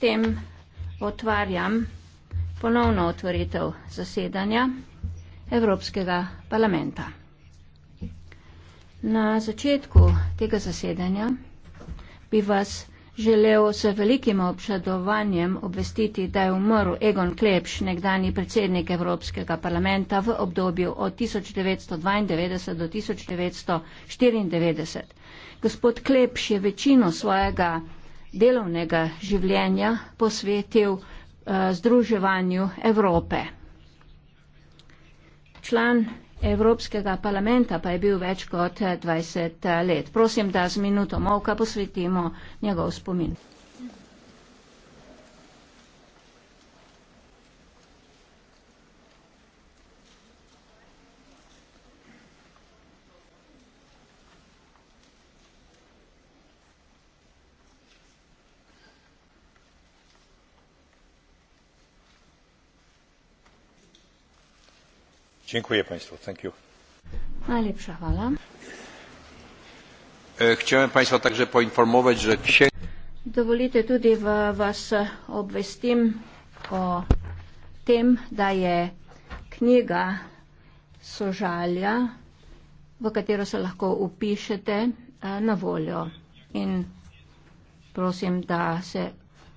tem otvarjam ponovno otvoritev zasedanja Evropskega parlamenta. Na začetku tega zasedanja bi vas želel s velikim obšadovanjem obvestiti, da je umrl Egon Klepš, nekdani predsednik Evropskega parlamenta v obdobju od 1992 do 1994. Gospod Klepš je večino svojega delovnega življenja posvetil eh, združevanju Evrope. Član Evropskega parlamenta pa je bil več kot 20 eh, let. Prosim, da z minuto molka posvetimo njegov spomin. Dziękuję Państwu. Thank you. Najlepsza chwala. E, chciałem Państwa także poinformować, że księg... Dowolite tutaj Was obwestim o tym, da je knjiga sožalja, v katero se lahko upišete e, na voljo. In prosim, da se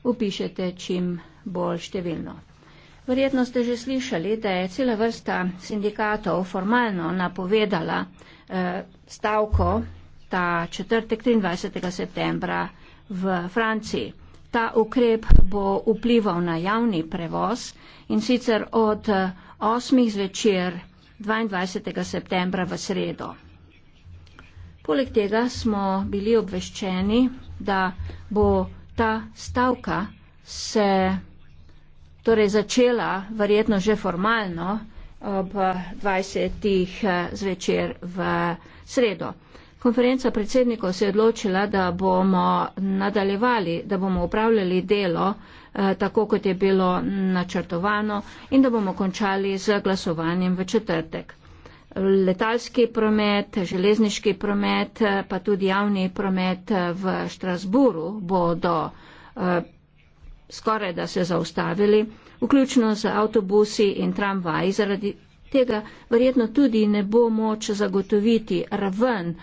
upišete čim bolj številno. Verjetno ste že slišali, da je cela vrsta sindikatov formalno napovedala eh, stavko ta četrtek 23. septembra v Franciji. Ta ukrep bo vplival na javni prevoz in sicer od 8. Eh, zvečer 22. septembra v sredo. Poleg tega smo bili obveščeni, da bo ta stavka se torej začela verjetno že formalno ob 20. Eh, zvečer v sredo. Konferenca predsednikov se je odločila, da bomo nadaljevali, da bomo upravljali delo eh, tako, kot je bilo načrtovano in da bomo končali z glasovanjem v četrtek. Letalski promet, železniški promet, pa tudi javni promet v Štrasburu bo do eh, skoraj da se zaustavili, vključno z avtobusi in tramvaji, zaradi tega verjetno tudi ne bo moč zagotoviti raven